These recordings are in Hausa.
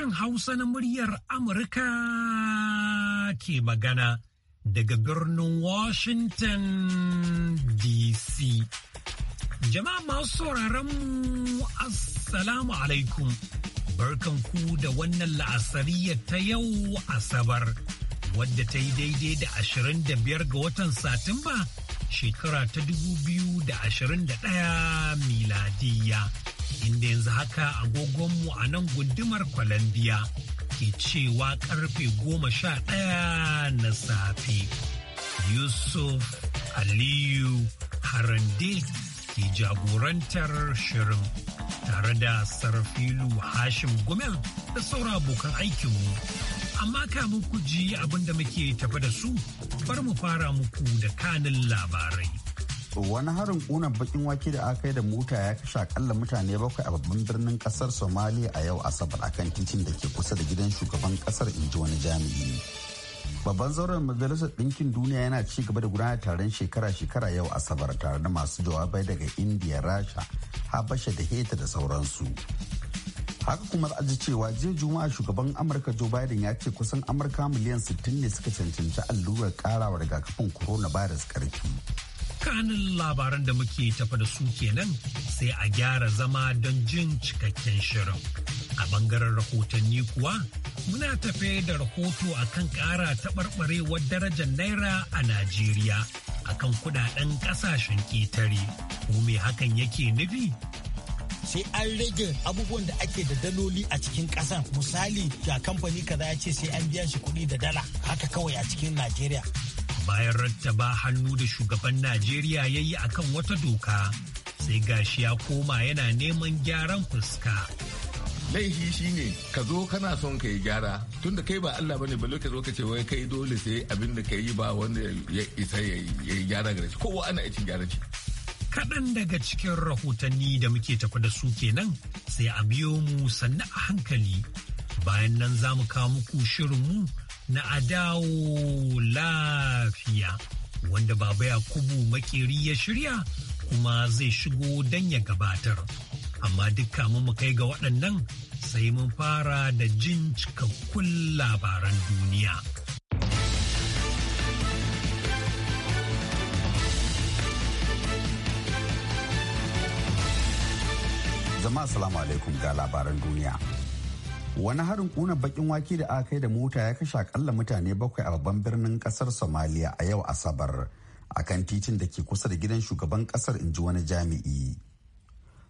sashen Hausa na muryar Amurka ke magana daga birnin Washington DC. Jama'a masu mu Assalamu alaikum. Barkanku da wannan la'asariya ta yau Asabar, wadda ta yi daidai da ashirin da biyar ga watan Satumba, shekara ta da da ashirin 2021 miladiyya inda yanzu haka agogonmu a nan gundumar kwalambiya ke cewa karfe goma sha ɗaya na safe. Yusuf Aliyu Harande ke jagorantar shirin tare da Sarfilu Hashim Gomel da saura abokan aikinmu. Amma kamun ku ji abinda muke tafa da su, bar mu fara muku da kanin labarai. wani harin kuna bakin wake da aka yi da mota ya kashe akalla mutane bakwai a babban birnin kasar somalia a yau asabar akan titin da ke kusa da gidan shugaban kasar inji wani jami'i babban zauren majalisar ɗinkin duniya yana ci gaba da gudanar taron shekara-shekara yau asabar tare da masu jawabai daga indiya rasha habasha da heta da sauransu haka kuma za ji cewa jiya juma'a shugaban amurka joe biden ya ce kusan amurka miliyan 60 ne suka cancanci allurar karawa rigakafin coronavirus karfi kanin labaran da muke tafa da su kenan sai a gyara zama don jin cikakken shirin. A bangaren rahotanni kuwa muna tafe da rahoto a kan ƙara taɓarɓarewar darajar naira a Najeriya a kan kuɗaɗen ƙasashen ƙetare. Ko me hakan yake nufi? sai an rage abubuwan da ake da daloli a cikin ƙasan misali ga kamfani kaza ya ce sai an biya shi kuɗi da dala haka kawai a cikin najeriya bayan rattaba hannu da shugaban najeriya ya yi akan wata doka sai gashi ya koma yana neman gyaran fuska shi shine ka zo kana son ka yi gyara tun da kai ba Allah bane ba lokacin zo ka ce wai kai dole sai abin da ka yi ba wanda ya isa ya yi gyara gare shi kowa ana cin gyara ce kaɗan daga cikin rahotanni da muke tafi da su kenan sai a biyo mu sannu a hankali bayan nan za mu kawo muku shirinmu na adawo lafiya wanda baba yakubu makeri ya shirya kuma zai shigo don ya gabatar amma dukka mu kai ga waɗannan sai mun fara da jin cikakkun labaran duniya Zama salamu alaikum ga labaran duniya wani harin kuna bakin wake da aka kai da mota ya kashe akalla mutane bakwai a babban birnin kasar somalia a yau asabar a kan titin da ke kusa da gidan shugaban kasar in ji wani jami'i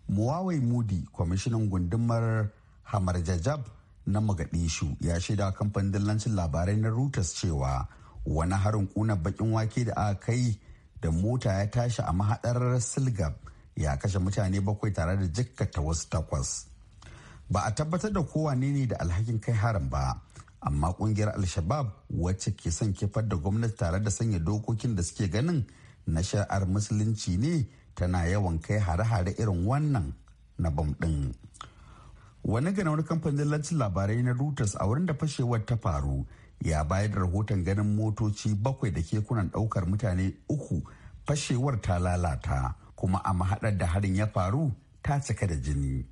muwawai mudi kwamishinan gundumar Hamar-Jajab na magadishu ya shaida kamfanin dillancin labarai na reuters cewa wani harin kuna bakin wake da aka kai da mota ya tashi a mahadar silgab ya kashe mutane bakwai tare da jikkata wasu takwas ba a tabbatar da kowa ne da alhakin kai harin ba amma kungiyar al-shabab wacce ke son kifar da gwamnati tare da sanya dokokin da suke ganin na shari'ar musulunci ne tana yawan kai hare-hare irin wannan na bam ɗin. wani ganawar wani kamfanin lantarki labarai na reuters a wurin da fashewar ta faru ya bayar da rahoton ganin motoci bakwai da kekunan daukar mutane uku fashewar ta lalata kuma a mahaɗar da harin ya faru ta cika da jini.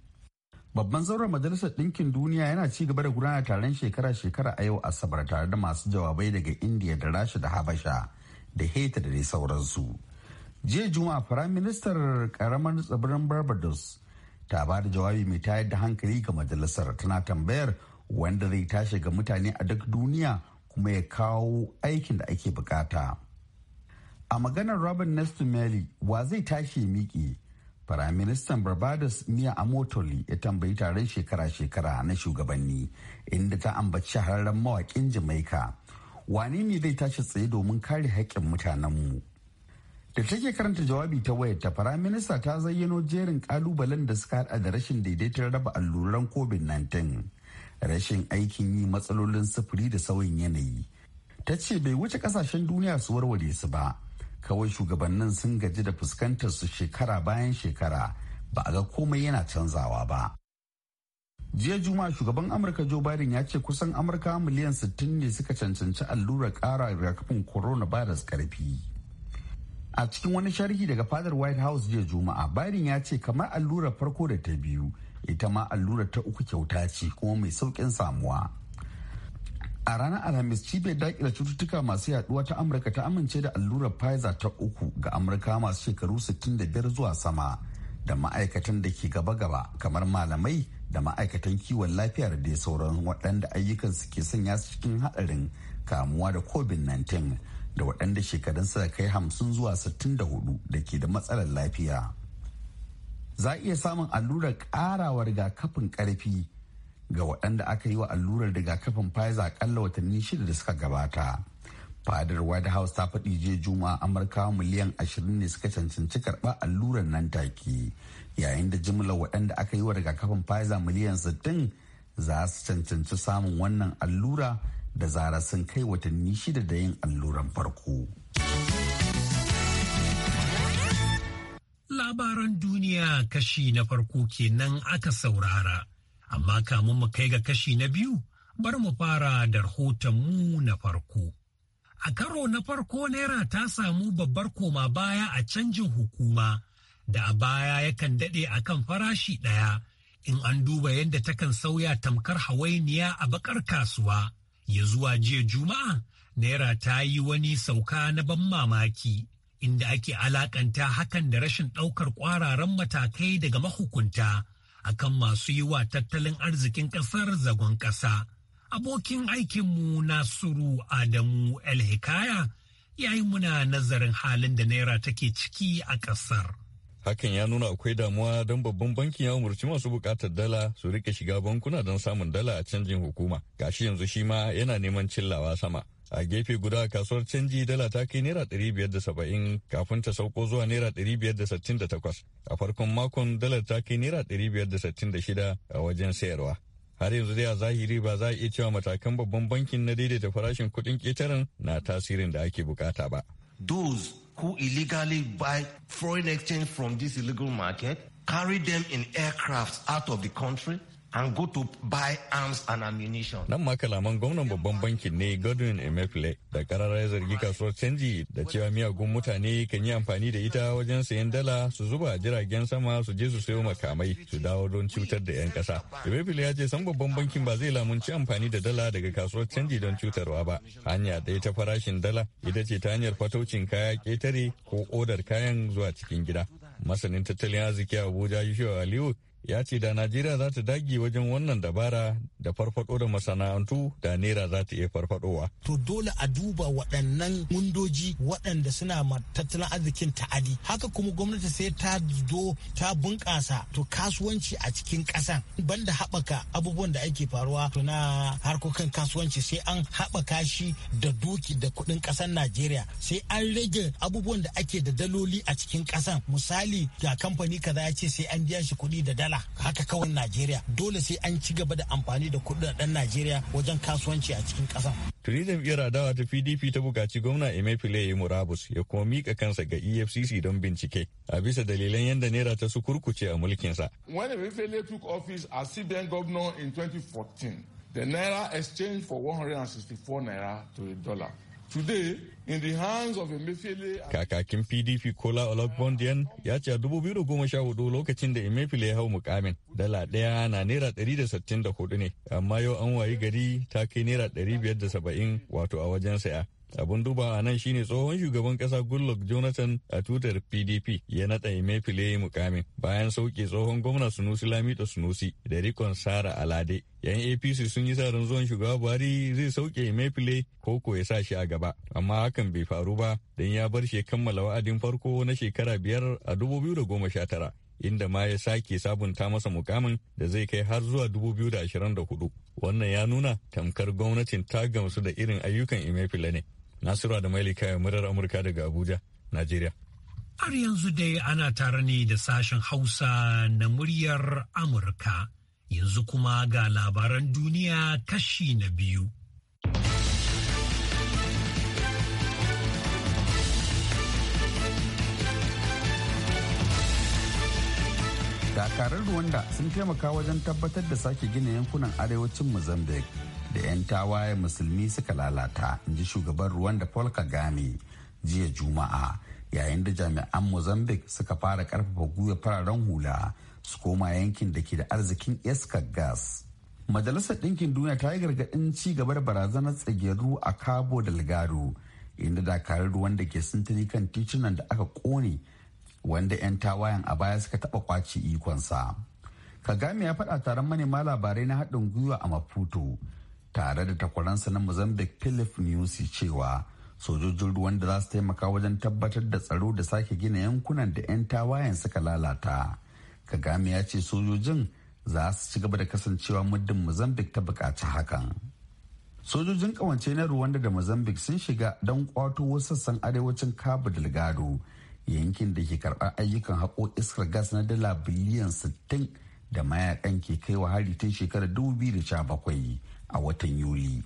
Babban zauren Majalisar Ɗinkin Duniya yana ci gaba da gudanar taron shekara-shekara a yau Asabar tare da masu jawabai daga Indiya da Rasha da Habasha da Haiti da dai sauransu. Jiya Juma'a Firayim Ministar Karamar Tsibirin Barbados ta ba da jawabi mai tayar da hankali ga majalisar tana tambayar wanda zai tashi ga mutane a duk duniya kuma ya kawo aikin da ake bukata. A maganar Robin Nestumeli wa zai tashi miƙe Firaministan Barbados Mia Amotoli ya tambayi taron shekara-shekara na shugabanni inda ta ambaci shahararren mawakin Jamaika. Wane ne zai tashi tsaye domin kare haƙƙin mutanenmu? Da take karanta jawabi ta wayar ta firaminista ta zayyano jerin kalubalen da suka hada da rashin daidaiton raba alluran COVID-19, rashin aikin yi matsalolin sufuri da sauyin yanayi. Ta ce bai wuce ƙasashen duniya su warware su ba. kawai shugabannin sun gaji da fuskantar su shekara bayan shekara ba a ga komai yana canzawa ba jiya juma shugaban amurka joe biden ya ce kusan amurka miliyan 60 ne suka cancanci allurar kara rigakafin coronavirus karfi a cikin wani sharhi daga fadar white house jiya juma'a biden ya ce kamar allurar farko da ta biyu ita ma allurar ta uku kyauta ce kuma mai saukin samuwa A ranar Alhamis cibiyar daƙila cututtuka masu yaduwa ta Amurka ta amince da allurar Pfizer ta uku ga Amurka masu shekaru 65 zuwa sama da ma'aikatan da ke gaba-gaba kamar malamai da ma'aikatan kiwon lafiya da dai sauran waɗanda ayyukansu ke sanya su cikin haɗarin kamuwa da COVID-19 da waɗanda shekarun hamsin kai 50 zuwa 64 da ke da matsalar lafiya. Za a iya samun allurar ƙarawa rigakafin ƙarfi ga waɗanda aka yi wa allurar rigakafin Pfizer kalla watanni shida da suka gabata. Fadar White House ta faɗi je Juma'a Amurka miliyan ashirin ne suka cancanci karɓar allurar nan take yayin da jimlar waɗanda aka yi wa rigakafin Pfizer miliyan sittin za su cancanci samun wannan allura da zara sun kai watanni shida da yin alluran farko. Labaran duniya kashi na farko kenan aka saurara. Amma kamun mu kai ga kashi na biyu, bar mu fara da rahotonmu na farko. A karo na farko Naira ta samu babbar koma baya a canjin hukuma da a baya yakan daɗe a kan farashi ɗaya in an duba yadda takan sauya tamkar hawainiya a bakar kasuwa. Ya zuwa jiya Juma'a, Naira ta yi wani sauka na ban mamaki. inda ake alakanta hakan da rashin ɗaukar ƙwararan matakai daga mahukunta akan masu yi wa tattalin arzikin ƙasar zagon ƙasa. Abokin aikinmu Nasiru Adamu El Hikaya ya yi muna nazarin halin da Naira take ciki a ƙasar. Hakan ya nuna akwai damuwa don babban bankin ya umarci masu bukatar dala su rike shiga bankuna don samun dala a canjin hukuma. Gashi yanzu shi ma yana neman cillawa sama. a gefe guda kasuwar canji dala ta kai naira saba'in kafin ta sauko zuwa naira takwas a farkon makon dalar ta kai naira shida a wajen sayarwa har yanzu dai a zahiri ba za a iya cewa matakan babban bankin na daidaita farashin kuɗin ƙetaren na tasirin da ake bukata ba. Those who illegally buy foreign exchange from this illegal market carry them in aircraft out of the country and go to buy arms and ammunition. Nan ma kalaman gwamnan babban bankin ne Godwin emefle da ya zargi kasuwar canji da cewa miyagun mutane kan yi amfani da ita wajen sayan dala su zuba jiragen sama su je su sayo makamai su dawo don cutar da 'yan kasa. emefile ya ce san babban bankin ba zai lamunci amfani da dala daga kasuwar canji don cutarwa ba. Hanya ɗaya ta farashin dala ita ce ta hanyar fataucin kaya ƙetare ko odar kayan zuwa cikin gida. Masanin tattalin arziki Abuja Yusuf Aliyu ya ce da najeriya za ta dage wajen wannan dabara da farfado da masana'antu da naira za ta iya farfadowa to dole a duba waɗannan mundoji waɗanda suna tattalin arzikin ta'adi haka kuma gwamnati sai ta zo ta bunƙasa to kasuwanci a cikin ƙasan banda haɓaka abubuwan da ake faruwa to na harkokin kasuwanci sai an haɓaka shi da duki da kuɗin ƙasar najeriya sai an rage abubuwan da ake da daloli a cikin ƙasan misali ga kamfani kaza ya ce sai an biya shi kuɗi da dala haka kawai Najeriya dole sai an ci gaba da amfani da kudaden Najeriya wajen kasuwanci a cikin ƙasa. Tuni jam'iyyar adawa ta PDP ta bukaci gwamna Emefiele ya murabus ya kuma mika kansa ga EFCC don bincike a bisa dalilan yadda naira ta su kurkuce a mulkinsa. When Emefiele took office as then governor in 2014, the naira exchanged for 164 naira to a dollar. Today, in the hands of Emefiele. Kakakin PDP Kola Olagbondiyan ya ce a 2014 lokacin da Emefiele ya hau mukamin dala ɗaya na naira 164 ne, amma yau an wayi gari ta kai naira 570 wato a wajen saya. abun duba a nan shine tsohon shugaban kasa goodluck jonathan a tutar pdp ya naɗa emefile mukamin bayan sauke tsohon gwamna sunusi da sunusi da rikon sara alade yan apc sun yi ran zuwan shugaba buhari zai sauke mefile ko ko ya sa shi a gaba amma hakan bai faru ba don ya bar shi kammala wa'adin farko na shekara biyar a dubu biyu da goma sha tara inda ma ya sake sabunta masa mukamin da zai kai har zuwa dubu biyu da da ashirin hudu wannan ya nuna tamkar gwamnatin ta gamsu da irin ayyukan emefile ne Nasiru da Mailika murar Amurka daga Abuja, Najeriya. Har yanzu dai ana tare ne da sashen Hausa na muryar Amurka. Yanzu kuma ga labaran duniya kashi na biyu. Dakarar Rwanda sun taimaka wajen tabbatar da sake gina yankunan arewacin Mozambique. da 'yan tawaye musulmi suka lalata in ji shugaban ruwan da paul kagame jiya juma'a yayin da jami'an mozambique suka fara karfafa gwiwa fararen hula su koma yankin da ke da arzikin iskar gas majalisar ɗinkin duniya ta yi gargaɗin ci gaba da barazanar tsageru a cabo delgado inda dakarar ruwan da ke sintiri kan titunan da aka kone wanda 'yan tawayen a baya suka taɓa kwace ikonsa kagame ya faɗa taron manema labarai na haɗin gwiwa a maputo tare da takwaransa na Mozambique Philip Nyusi cewa sojojin ruwan da za su taimaka wajen tabbatar da tsaro da sake gina yankunan da 'yan tawayen suka lalata. Kagame ya ce sojojin za su ci gaba da kasancewa muddin Mozambique ta bukaci hakan. Sojojin ƙawance na Rwanda da Mozambique sun shiga don kwato wasu sassan arewacin Cabo Delgado yankin da ke karɓar ayyukan haƙo iskar gas na dala biliyan 60 da mayakan ke kai wa hari tun shekarar 2017 a watan Yuli.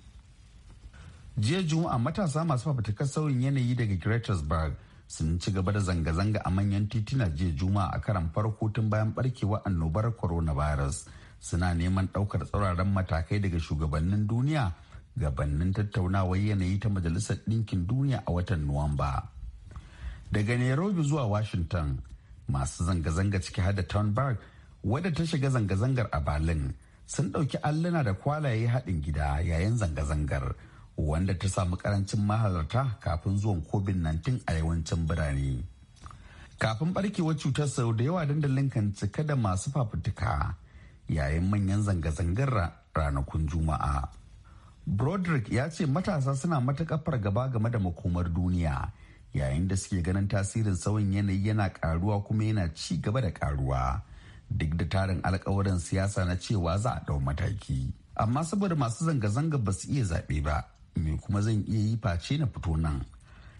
Jiya Juma'a matasa masu fafutukar sauyin yanayi daga Gretersburg sun ci gaba da zanga-zanga a manyan tituna jiya Juma'a a karan farko tun bayan barkewa annobar coronavirus suna neman ɗaukar tsauraran matakai daga shugabannin duniya gabanin tattaunawar yanayi ta Majalisar Ɗinkin Duniya a watan Nuwamba. Daga Nairobi zuwa Washington masu zanga-zanga ciki har da wadda ta shiga zanga-zangar a Berlin sun ɗauki alluna da kwalaye haɗin gida yayin zanga-zangar wanda ta samu ƙarancin mahalarta kafin zuwan covid-19 a yawancin birane kafin barkewar cutar sau da yawa dandalin kan cika da masu fafutuka yayin manyan zanga-zangar ranakun juma'a broderick ya ce matasa suna matuƙar fargaba game da makomar duniya yayin da suke ganin tasirin sauyin yanayi yana ƙaruwa kuma yana ci gaba da ƙaruwa. duk da tarin alkawarin siyasa na cewa za a dau mataki amma saboda masu zanga-zanga ba su iya zaɓe ba me kuma zan iya yi face na fito nan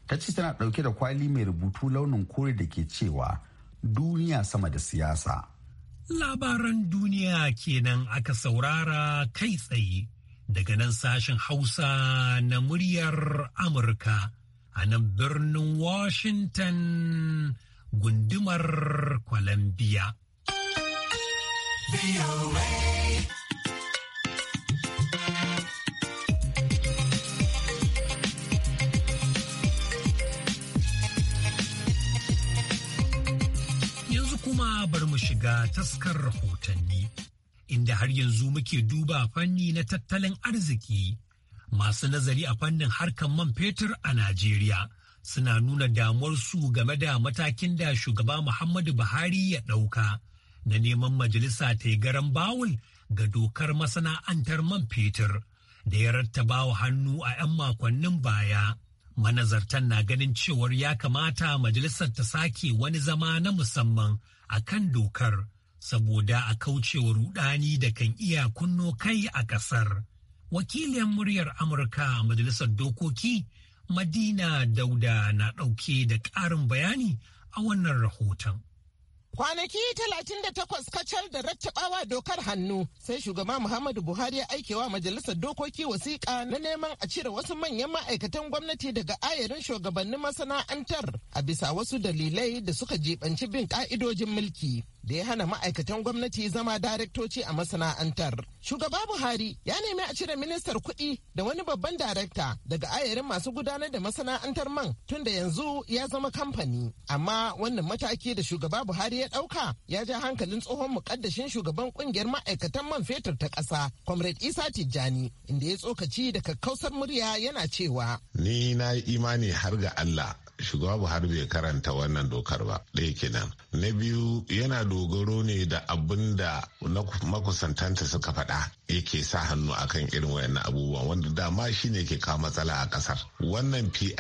ta ce tana ɗauke da kwali mai rubutu launin kore da ke cewa duniya sama da siyasa labaran duniya kenan aka saurara kai tsaye daga nan sashen hausa na muryar amurka a nan birnin washington gundumar columbia Yanzu kuma bari mu shiga taskar rahotanni. Inda har yanzu muke duba fanni na tattalin arziki masu nazari a fannin harkar man fetur a Najeriya suna nuna su game da matakin da shugaba Muhammadu Buhari ya ɗauka na neman majalisa ta yi garan bawul ga dokar masana'antar man fetur da ya rattaba wa hannu a 'yan makonnin baya. Manazartan na ganin cewar ya kamata majalisar ta sake wani zama na musamman a kan dokar saboda a kaucewa rudani da kan iya kunno kai a ƙasar. Wakilin muryar Amurka a majalisar dokoki Madina Dauda na ɗauke da ƙarin bayani a wannan rahoton. Kwanaki talatin da 38 kacal da rattabawa dokar hannu sai shugaba Muhammadu Buhari ya aikewa majalisar dokoki wasiƙa na neman a cire wasu manyan ma'aikatan gwamnati daga ayarin shugabannin masana'antar a bisa wasu dalilai da suka jibanci bin ka'idojin mulki. da ya hana ma'aikatan gwamnati zama daraktoci a masana'antar. Shugaba Buhari ya nemi a cire ministar kuɗi da wani babban darakta daga ayarin masu gudanar da masana'antar man tun da yanzu ya zama kamfani. Amma wannan mataki da shugaba Buhari ya ɗauka ya ja hankalin tsohon mukaddashin shugaban kungiyar ma'aikatan man fetur ta ƙasa comrade isa tijjani inda ya tsokaci da kakkausar murya yana cewa ni na yi imani har ga allah shugaba buhari bai karanta wannan dokar ba ɗaya kenan na biyu yana dogaro ne da abin da makusantanta suka faɗa yake sa hannu akan irin wayannan abubuwan wanda dama ne ke kawo matsala a kasar wannan pib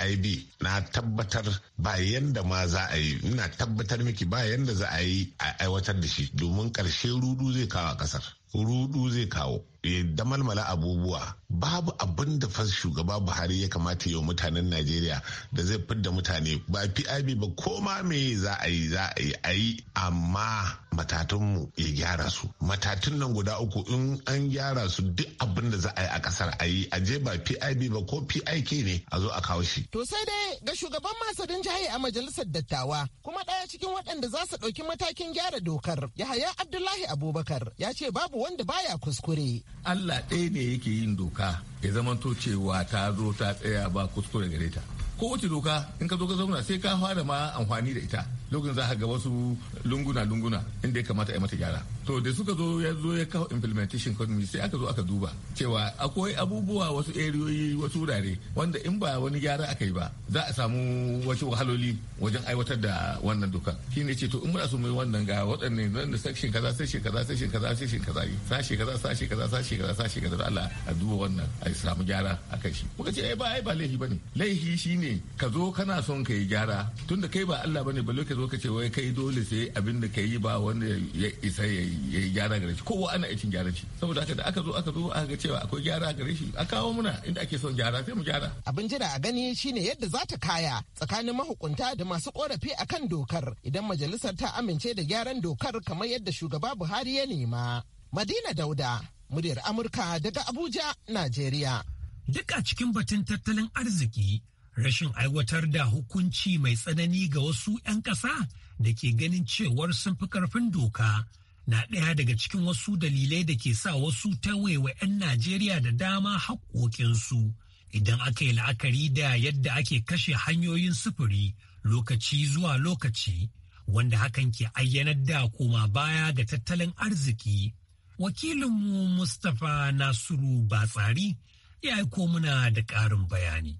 na tabbatar ba yanda ma za a yi ina tabbatar miki ba yanda za a yi a aiwatar da shi domin ƙarshe rudu zai kawo a ƙasar rudu zai kawo Eh, da malmala abubuwa babu abin da fa shugaba buhari ya kamata yau mutanen najeriya da zai fidda mutane ba pib ba koma me za a yi za a yi a yi amma matatunmu ya gyara su matatun nan guda uku in an gyara su duk abin da za a yi a kasar a yi a je ba pib ba ko pik ne a zo a kawo shi to sai dai ga shugaban masarin jihar a majalisar dattawa kuma ɗaya cikin waɗanda za su ɗauki matakin gyara dokar yahaya abdullahi abubakar ya ce babu wanda baya kuskure Allah ɗaya ne yake yin doka ya zamanto cewa ta zo ta tsaya ba kuskure gare ta ko wace doka in ka zo ka zauna sai ka fara ma amfani da ita lokacin za ka ga wasu lunguna lunguna inda ya kamata a mata gyara to da suka zo ya zo ya kawo implementation committee sai aka zo aka duba cewa akwai abubuwa wasu eriyoyi wasu wurare wanda in ba wani gyara aka yi ba za a samu wasu wahaloli wajen aiwatar da wannan doka ne ce to in muna so mu yi wannan ga waɗannan nan da section kaza section kaza section kaza section kaza sashi kaza sashi kaza sashi kaza sashi kaza Allah a duba wannan a samu gyara akan shi muka ce ai eh, ba ai ba laifi bane laifi ne. ne ka zo kana son ka yi gyara tun da kai ba Allah bane ba lokacin ka ce wai kai dole sai abin da ka yi ba wanda ya isa ya yi gyara gare shi kowa ana aikin gyara shi saboda haka da aka zo aka zo aka ga cewa akwai gyara gare shi a kawo muna inda ake son gyara sai mu gyara abin jira a gani shine yadda za ta kaya tsakanin mahukunta da masu korafi akan dokar idan majalisar ta amince da gyaran dokar kamar yadda shugaba Buhari ya nema Madina Dauda muryar Amurka daga Abuja Najeriya Duka cikin batun tattalin arziki rashin aiwatar da hukunci mai tsanani ga wasu 'yan ƙasa da ke ganin cewar sun fi ƙarfin doka na ɗaya daga cikin wasu dalilai da ke sa wasu waiwa 'yan Najeriya da dama haƙoƙinsu idan aka yi la'akari da yadda ake kashe hanyoyin sufuri lokaci zuwa lokaci wanda hakan ke ayyanar da koma baya ga tattalin arziki. Wakilinmu Mustapha Nasiru Batsari ya aiko muna da ƙarin bayani.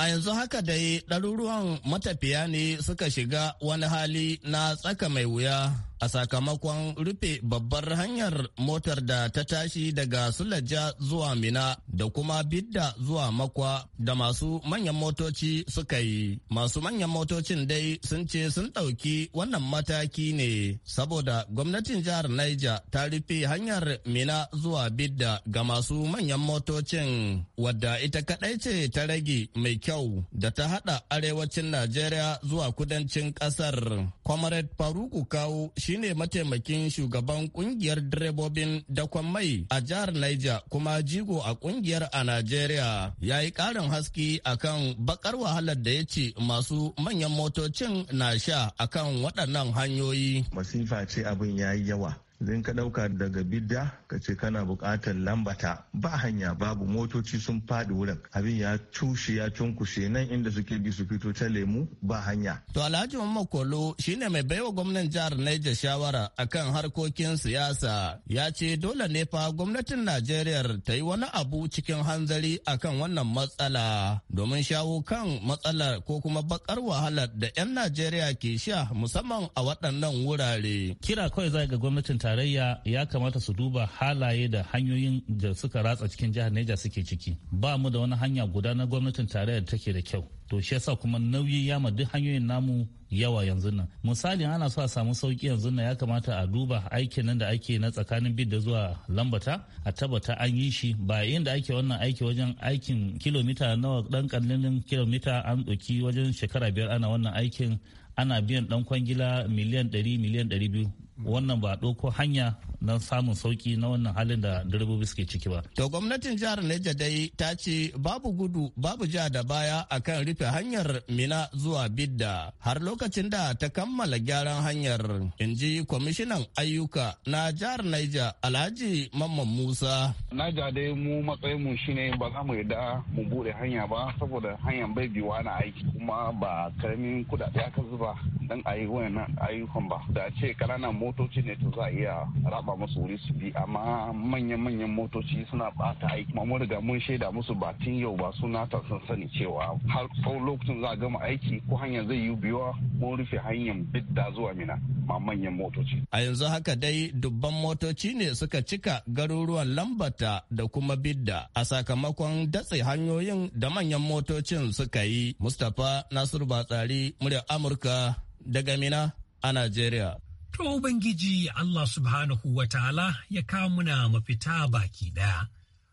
A yanzu haka dai ɗaruruwan matafiya ne suka shiga wani hali na tsaka mai wuya a sakamakon rufe babbar hanyar motar da ta tashi daga Sulaja zuwa Mina da kuma Bidda zuwa Makwa da masu manyan motoci suka yi. Masu manyan motocin dai sun ce sun ɗauki wannan mataki ne saboda gwamnatin jihar Niger ta rufe hanyar Mina zuwa Bidda ga masu manyan motocin wadda ita kaɗai ce ta rage mai kyau da ta haɗa arewacin Najeriya zuwa kudancin ƙasar. Comrade Faruku Kawo shine mataimakin shugaban kungiyar direbobin dakon mai a jihar Niger kuma jigo a kungiyar a Najeriya ya yi ƙarin haski akan bakar wahalar da ya ce masu manyan motocin na sha akan waɗannan hanyoyi. Masifa ce abin ya yi yawa. idan ka ɗauka daga bidda ka ce kana bukatar lambata ba hanya babu motoci sun faɗi wurin abin ya tushe ya cunkushe nan inda suke bi su fito ta lemu ba hanya. To Alhaji Muhammad Kolo shine mai baiwa gwamnan jihar Niger shawara akan harkokin siyasa ya ce dole ne fa gwamnatin Najeriya ta yi wani abu cikin hanzari akan wannan matsala domin shawo kan matsalar ko kuma bakar wahalar da 'yan Najeriya ke sha musamman a waɗannan wurare. Kira kawai zai ga gwamnatin ta tarayya ya kamata su duba halaye da hanyoyin da suka ratsa cikin jihar Neja suke ciki. Ba mu da wani hanya guda na gwamnatin tarayya da take da kyau. To shi yasa kuma nauyi ya ma duk hanyoyin namu yawa yanzu nan. Misali ana so a samu sauki yanzu nan ya kamata a duba aikin nan da ake na tsakanin da zuwa lambata a tabbata an yi shi ba inda ake wannan aiki wajen aikin kilomita nawa dan kallin kilomita an ɗauki wajen shekara biyar ana wannan aikin ana biyan dan kwangila miliyan 100 miliyan 200 wannan ba ɗauko hanya na samun sauki na wannan halin da direbobi suke ciki ba. To gwamnatin jihar Neja dai ta ce babu gudu babu jiha da baya akan rufe hanyar Mina zuwa Bidda har lokacin da ta kammala gyaran hanyar in ji kwamishinan ayyuka na jihar Neja Alhaji Mamman Musa. Naja dai mu matsayin mu shine ba za mu yarda mu bude hanya ba saboda hanyar bai biwa na aiki kuma ba karamin kudade aka zuba dan a yi na ayyukan ba da ce kananan motoci ne to za a iya raba musu wuri su bi amma manyan-manyan motoci suna bata aiki kuma mun riga mun shaida musu ba batun yau ba su na sun sani cewa har tsawon lokacin za a gama aiki ko hanyar zai yi biyuwa mun rufe hanyar bidda zuwa mina ma manyan motoci. A yanzu haka dai dubban motoci ne suka cika garuruwan lambata da kuma bidda a sakamakon datse hanyoyin da manyan motocin suka yi. Mustapha Nasiru Batsari, muryar Amurka daga Mina a Najeriya. To Ubangiji Allah subhanahu wa ta'ala ya na mafita baki ɗaya.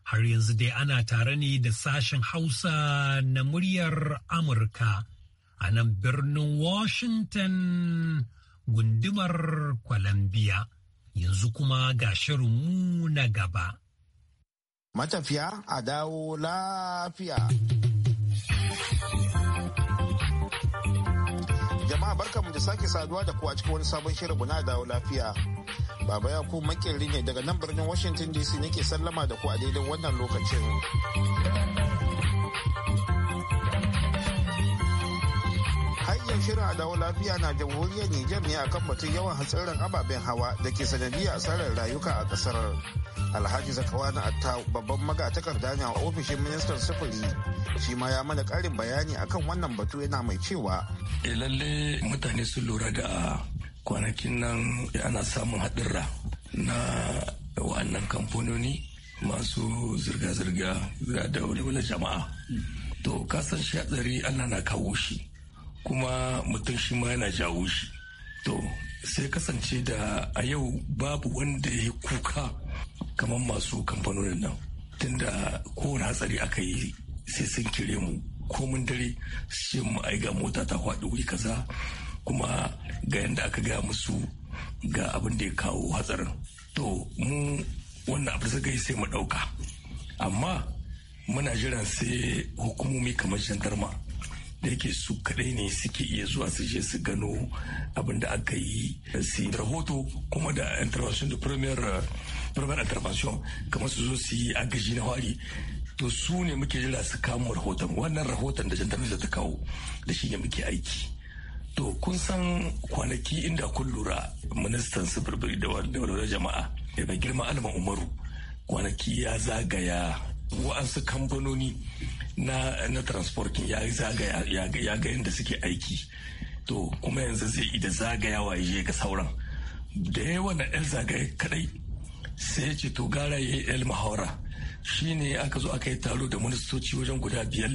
Har yanzu dai ana tare ne da sashen Hausa na muryar Amurka a nan birnin Washington gundumar Columbia. Yanzu kuma ga mu na gaba. Matafiya a dawo lafiya. jama'a mu da sake saduwa da ku a cikin wani sabon shirin na dawo lafiya. Baba ya ku makirri ne daga nan birnin Washington DC nake sallama da ku a daidai wannan lokacin. shirin a dawo lafiya na jamhuriyar Nijar ne akan batun yawan hatsarin ababen hawa da ke sanadiyar asarar rayuka a kasar. Alhaji Zakawana Atta babban magatakar ne a ofishin ministan sufuri shi ma ya mana karin bayani akan wannan batu yana mai cewa. E lalle mutane sun lura da kwanakin nan ana samun haɗurra na wa'annan kamfanoni masu zirga-zirga da wani jama'a. To kasan shi hatsari Allah na kawo shi. kuma mutum shi ma yana jawo shi to sai kasance da a yau babu wanda ya kuka kamar masu kamfanonin nan tunda kowane hatsari aka yi sai sun kire mu komin dare sai mu ai ga mota ta kwaɗi wuri kaza kuma ga yadda aka gaya musu ga abin da ya kawo hatsarin to mu wannan abu yi sai mu ɗauka amma muna jiran sai hukumomi kamar jandarma da yake su kadai ne suke iya zuwa su je su gano abin da aka yi su rahoto kuma da intervention da premier premier intervention kamar su zo su yi agaji na wari to su ne muke jira su kamo rahoton wannan rahoton da da ta kawo da shi ne muke aiki to kun san kwanaki inda kun lura ministan sufurbiri da walwalar jama'a da mai girma alma umaru kwanaki ya zagaya wa'ansu kamfanoni na, na transportin ya zagaya ya ga yadda suke aiki to kuma yanzu zai da zagayawa ya ga sauran da yawa na yan zagaye kadai sai ya ce to gara ya yi el muhawara shine aka zo aka yi taro da ministoci wajen guda biyar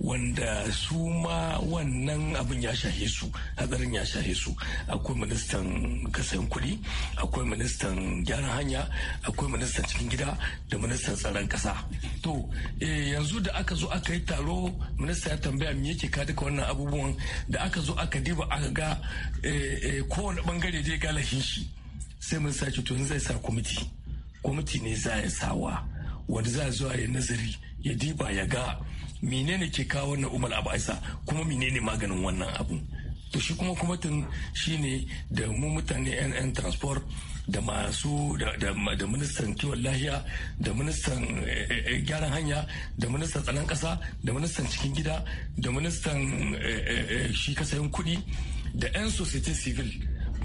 wanda su ma wannan abin ya shahe su hatsarin ya shahe su akwai ministan kasan kuɗi akwai ministan gyaran hanya akwai ministan cikin gida da ministan tsaron kasa to eh, yanzu da aka zo aka yi taro minista ya tambaya me yake ka duka wannan abubuwan da aka zo aka diba aka ga eh, eh, kowane bangare dai galahin shi sai mun ce, to zai sa kwamiti kwamiti ne za ya sawa wanda za a zuwa ya nazari ya diba ya ga menene ke kawo wannan umar abu aisa kuma menene maganin wannan abu to shi kuma kuma tun shine da mu mutane yan transport da masu da ministan kiwon lahiya da ministan eh, eh, gyaran hanya da ministan tsanan kasa da ministan cikin gida da ministan eh, shi kasayin kudi da 'yan society civil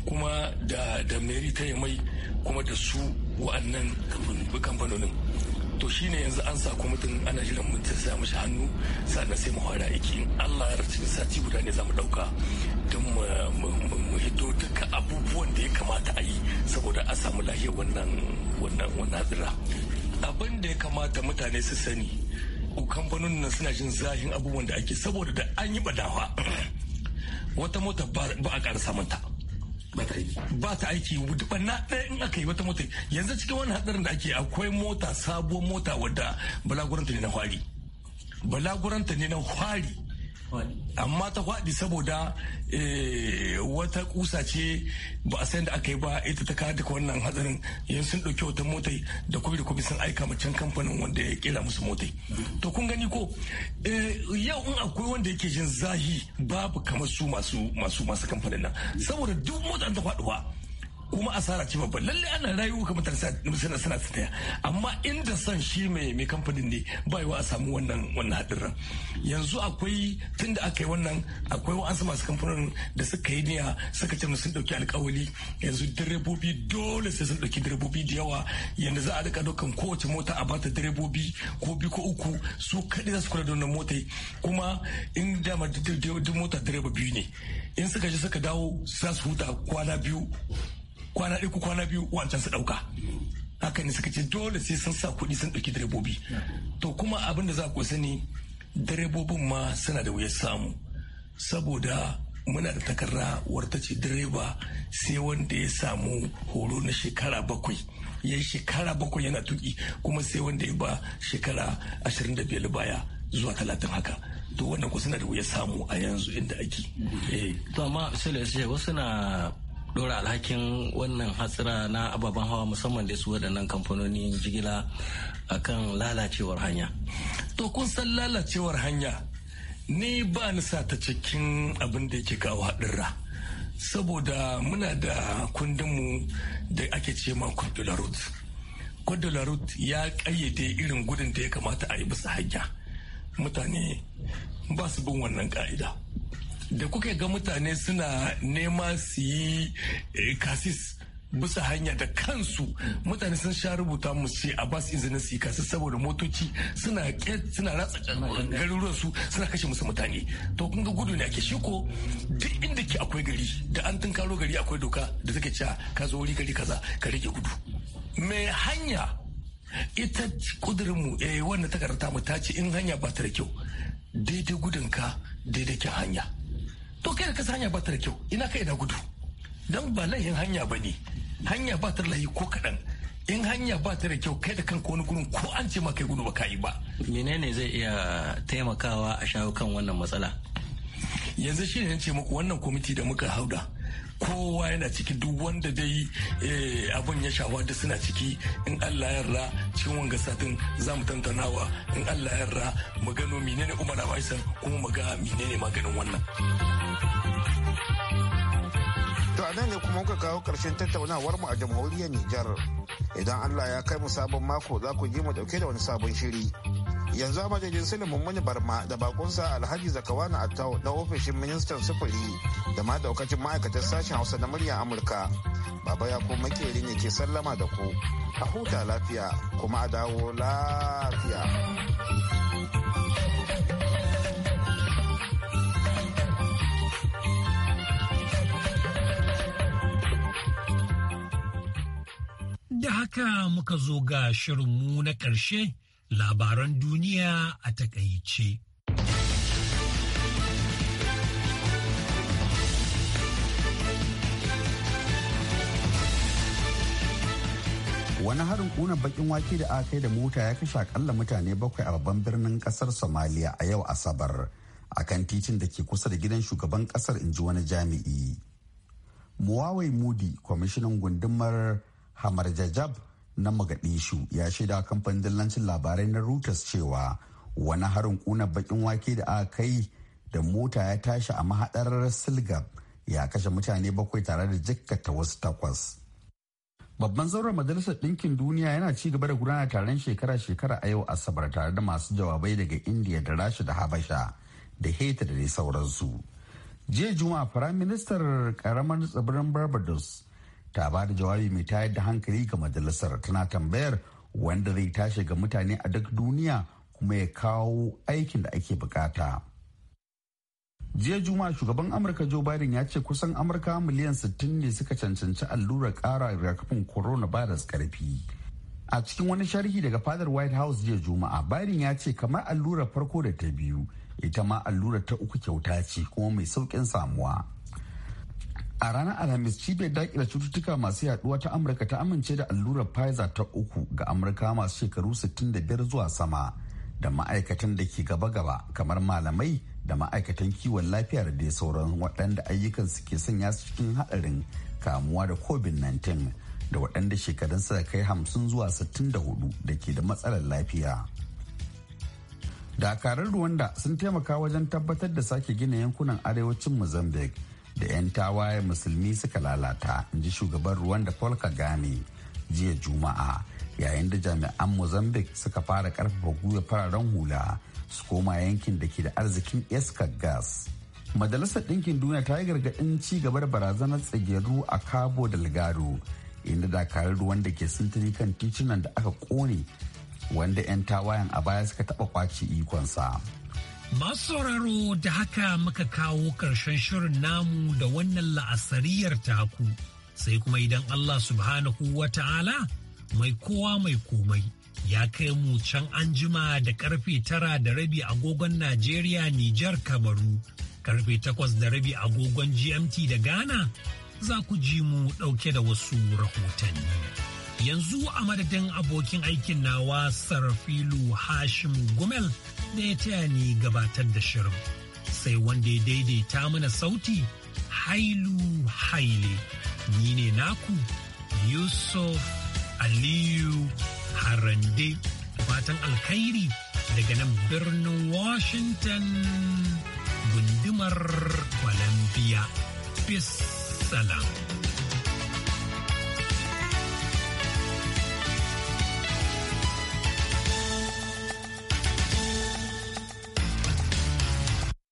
kuma da meri ta mai kuma da su wa'annan kamfanonin to shi ne yanzu an sa kwamitin ana jiran mutum sa mishi hannu sannan sai mu fara aiki Allah ya rasu sati guda ne za mu ɗauka don mu hito duka abubuwan da ya kamata a yi saboda a samu lahiyar wannan wannan wannan abin da ya kamata mutane su sani kamfanonin nan suna jin zahin abubuwan da ake saboda da an yi badawa wata mota ba a ƙara samunta ba ta aiki ba ta aiki banna ɗaya in aka yi wata mota yanzu cikin wani hadarin da ake akwai mota sabuwar mota wadda balaguranta ne na hwari balaguranta ne na hwari amma ta faɗi saboda eh, wata kusa ce ba a san da aka yi ba ita ta kada wannan hatsarin yanzu sun ɗauki wata motai da kuma da kuma sun aika ma can kamfanin wanda ya kila musu motai to kun gani ko eh, yau in akwai wanda yake jin zahi babu kamar su masu masu kamfanin nan saboda duk motar ta faɗuwa kuma asara ce babban lalle ana rayuwa mutane sana a tsaya amma inda son shi mai mai kamfanin ne ba wa a samu wannan wannan hadirin yanzu akwai tunda aka yi wannan akwai wa'ansu masu kamfanin da suka yi niyya suka ce sun dauki alkawali yanzu direbobi dole sai sun dauki direbobi da yawa yanda za a rika daukan kowace mota a bata direbobi ko bi ko uku su kadai za su kula da wannan mota kuma in dama duk mota direba biyu ne in suka je suka dawo za su huta kwana biyu kwana uku kwana biyu wancan su ɗauka haka ne suka ce dole sai sun sa kuɗi sun ɗauki direbobi to kuma abin da za ku sani direbobin ma suna da wuyar samu saboda muna da takarra warta ce direba sai wanda ya samu horo na shekara bakwai ya yi shekara bakwai yana tuki kuma sai wanda ya ba shekara ashirin da biyar baya zuwa talatin haka to wannan ku suna da wuya samu a yanzu inda ake. Eh. to amma sai wasu na dora alhakin wannan hatsira na ababen hawa musamman da su waɗannan kamfanonin jigila a kan lalacewar hanya to kun san lalacewar hanya ni ba ni sa ta cikin abin da yake kawo haɗurra saboda muna da kundinmu da ake ce ma kwadula root ya ƙayyade irin gudun da ya kamata a yi bisa hanya mutane ba su bin wannan ƙa'ida. da kuka ga mutane suna nema su yi eh, kasis bisa hanya da kansu mutane sun sha rubuta mu ce a basu izinin su kasu saboda motoci suna suna ratsa garuruwan su suna kashe musu mutane to kun ga gudu ne ake shi ko duk inda ke akwai gari da an tunkaro gari akwai doka da take cewa ka zo wuri gari kaza ka rage gudu me hanya ita kudurin mu eh wannan takarda mu ta ce in hanya ba ta da kyau daidai gudun ka daidai hanya to kai da kasa hanya ba ta da kyau ina kai da gudu don ba layin hanya ba ne hanya ba ta layi ko kaɗan in hanya ba ta da kyau kai da kan wani gurin ko an ce ma gudu ba ka yi ba. menene zai iya taimakawa a shawo kan wannan matsala yanzu shi ne ce muku wannan kwamiti da muka hauda kowa yana ciki duk wanda dai eh, abin ya shawa da suna ciki in Allah yarda cikin wanga satin za mu tantanawa in Allah yarda mu gano menene Umar Abaisan kuma mu ga menene maganin wannan. To a ne kuma kuka kawo karshen tattaunawar mu a jamhuriyar Nijar. Idan Allah ya kai mu sabon mako za ku ji mu dauke da wani sabon shiri. yanzu a madadin silimin mummuni barma da bakunsa alhaji zakawana attau na ofishin ministan sufuri da ma daukacin ma'aikatar sashen hausa na murya amurka baba ya ko makeri ne ke sallama da ku a huta lafiya kuma a dawo lafiya Da haka muka zo ga shirinmu na ƙarshe labaran duniya a takaice. wani harin kuna bakin wake da aka kai da mota ya kashe akalla mutane bakwai a babban birnin kasar somalia a yau asabar a kan titin da ke kusa da gidan shugaban kasar ji wani jami'i muwawai mudi kwamishinan gundumar hamar jajab na Magadishu ya shaida kamfanin dillancin labarai na Reuters cewa wani harin kuna bakin wake da aka kai da mota ya tashi a mahadar Silgab ya kashe mutane bakwai tare da jikkata wasu takwas. Babban zauren Majalisar Ɗinkin Duniya yana ci gaba da gudanar taron shekara-shekara a yau Asabar tare da masu jawabai daga Indiya da Rasha da Habasha da Haiti da dai sauransu. Jiya Juma'a Firayim Ministar Karamar Tsibirin Barbados ta ba da jawabi mai tayar da hankali ga majalisar tana tambayar wanda zai tashi ga mutane a duk duniya kuma ya kawo aikin da ake bukata. jiya juma shugaban amurka joe biden ya ce kusan amurka miliyan 60 ne suka cancanci allurar kara rigakafin coronavirus karfi a cikin wani sharhi daga fadar white house jiya juma'a biden ya ce kamar allurar farko da ta biyu ita ma allurar ta uku kyauta ce kuma mai saukin samuwa a ranar alhamis cibiyar daƙila cututtuka masu yaduwa ta amurka ta amince da allurar pfizer ta uku ga amurka masu shekaru 65 zuwa sama da ma'aikatan da ke gaba-gaba kamar malamai da ma'aikatan kiwon lafiya da dai sauran waɗanda ayyukan ke sanya su cikin haɗarin kamuwa da covid-19 da waɗanda shekarun da kai 50 zuwa 64 da ke da matsalar lafiya. dakarar rwanda sun taimaka wajen tabbatar da sake gina yankunan arewacin mozambique da 'yan tawaye musulmi suka lalata in ji shugaban ruwan da paul kagame jiya juma'a yayin da jami'an mozambique suka fara karfafa gwiwa fararen hula su koma yankin da ke da arzikin iskar gas majalisar ɗinkin duniya ta yi gargaɗin ci gaba da barazanar tsageru a cabo delgado inda dakarun ruwan da ke sintiri kan titunan da aka kone wanda 'yan tawayen a baya suka taɓa kwace ikonsa. Masu sauraro da haka muka kawo ƙarshen shirin namu da wannan la'asariyar taku sai kuma idan Allah subhanahu wa ta'ala mai kowa mai komai ya kai mu can anjima da karfe tara da rabi agogon Najeriya Nijar Kamaru karfe takwas da rabi agogon GMT da Ghana za ku ji mu ɗauke da wasu rahotanni. yanzu a madadin abokin aikin nawa sarfilu hashim gumel da ya taya ni gabatar da shirin sai wanda ya daidaita mana sauti hailu haile ni ne naku yusuf aliyu harande fatan alkhairi daga nan birnin washington gundumar columbia peace salam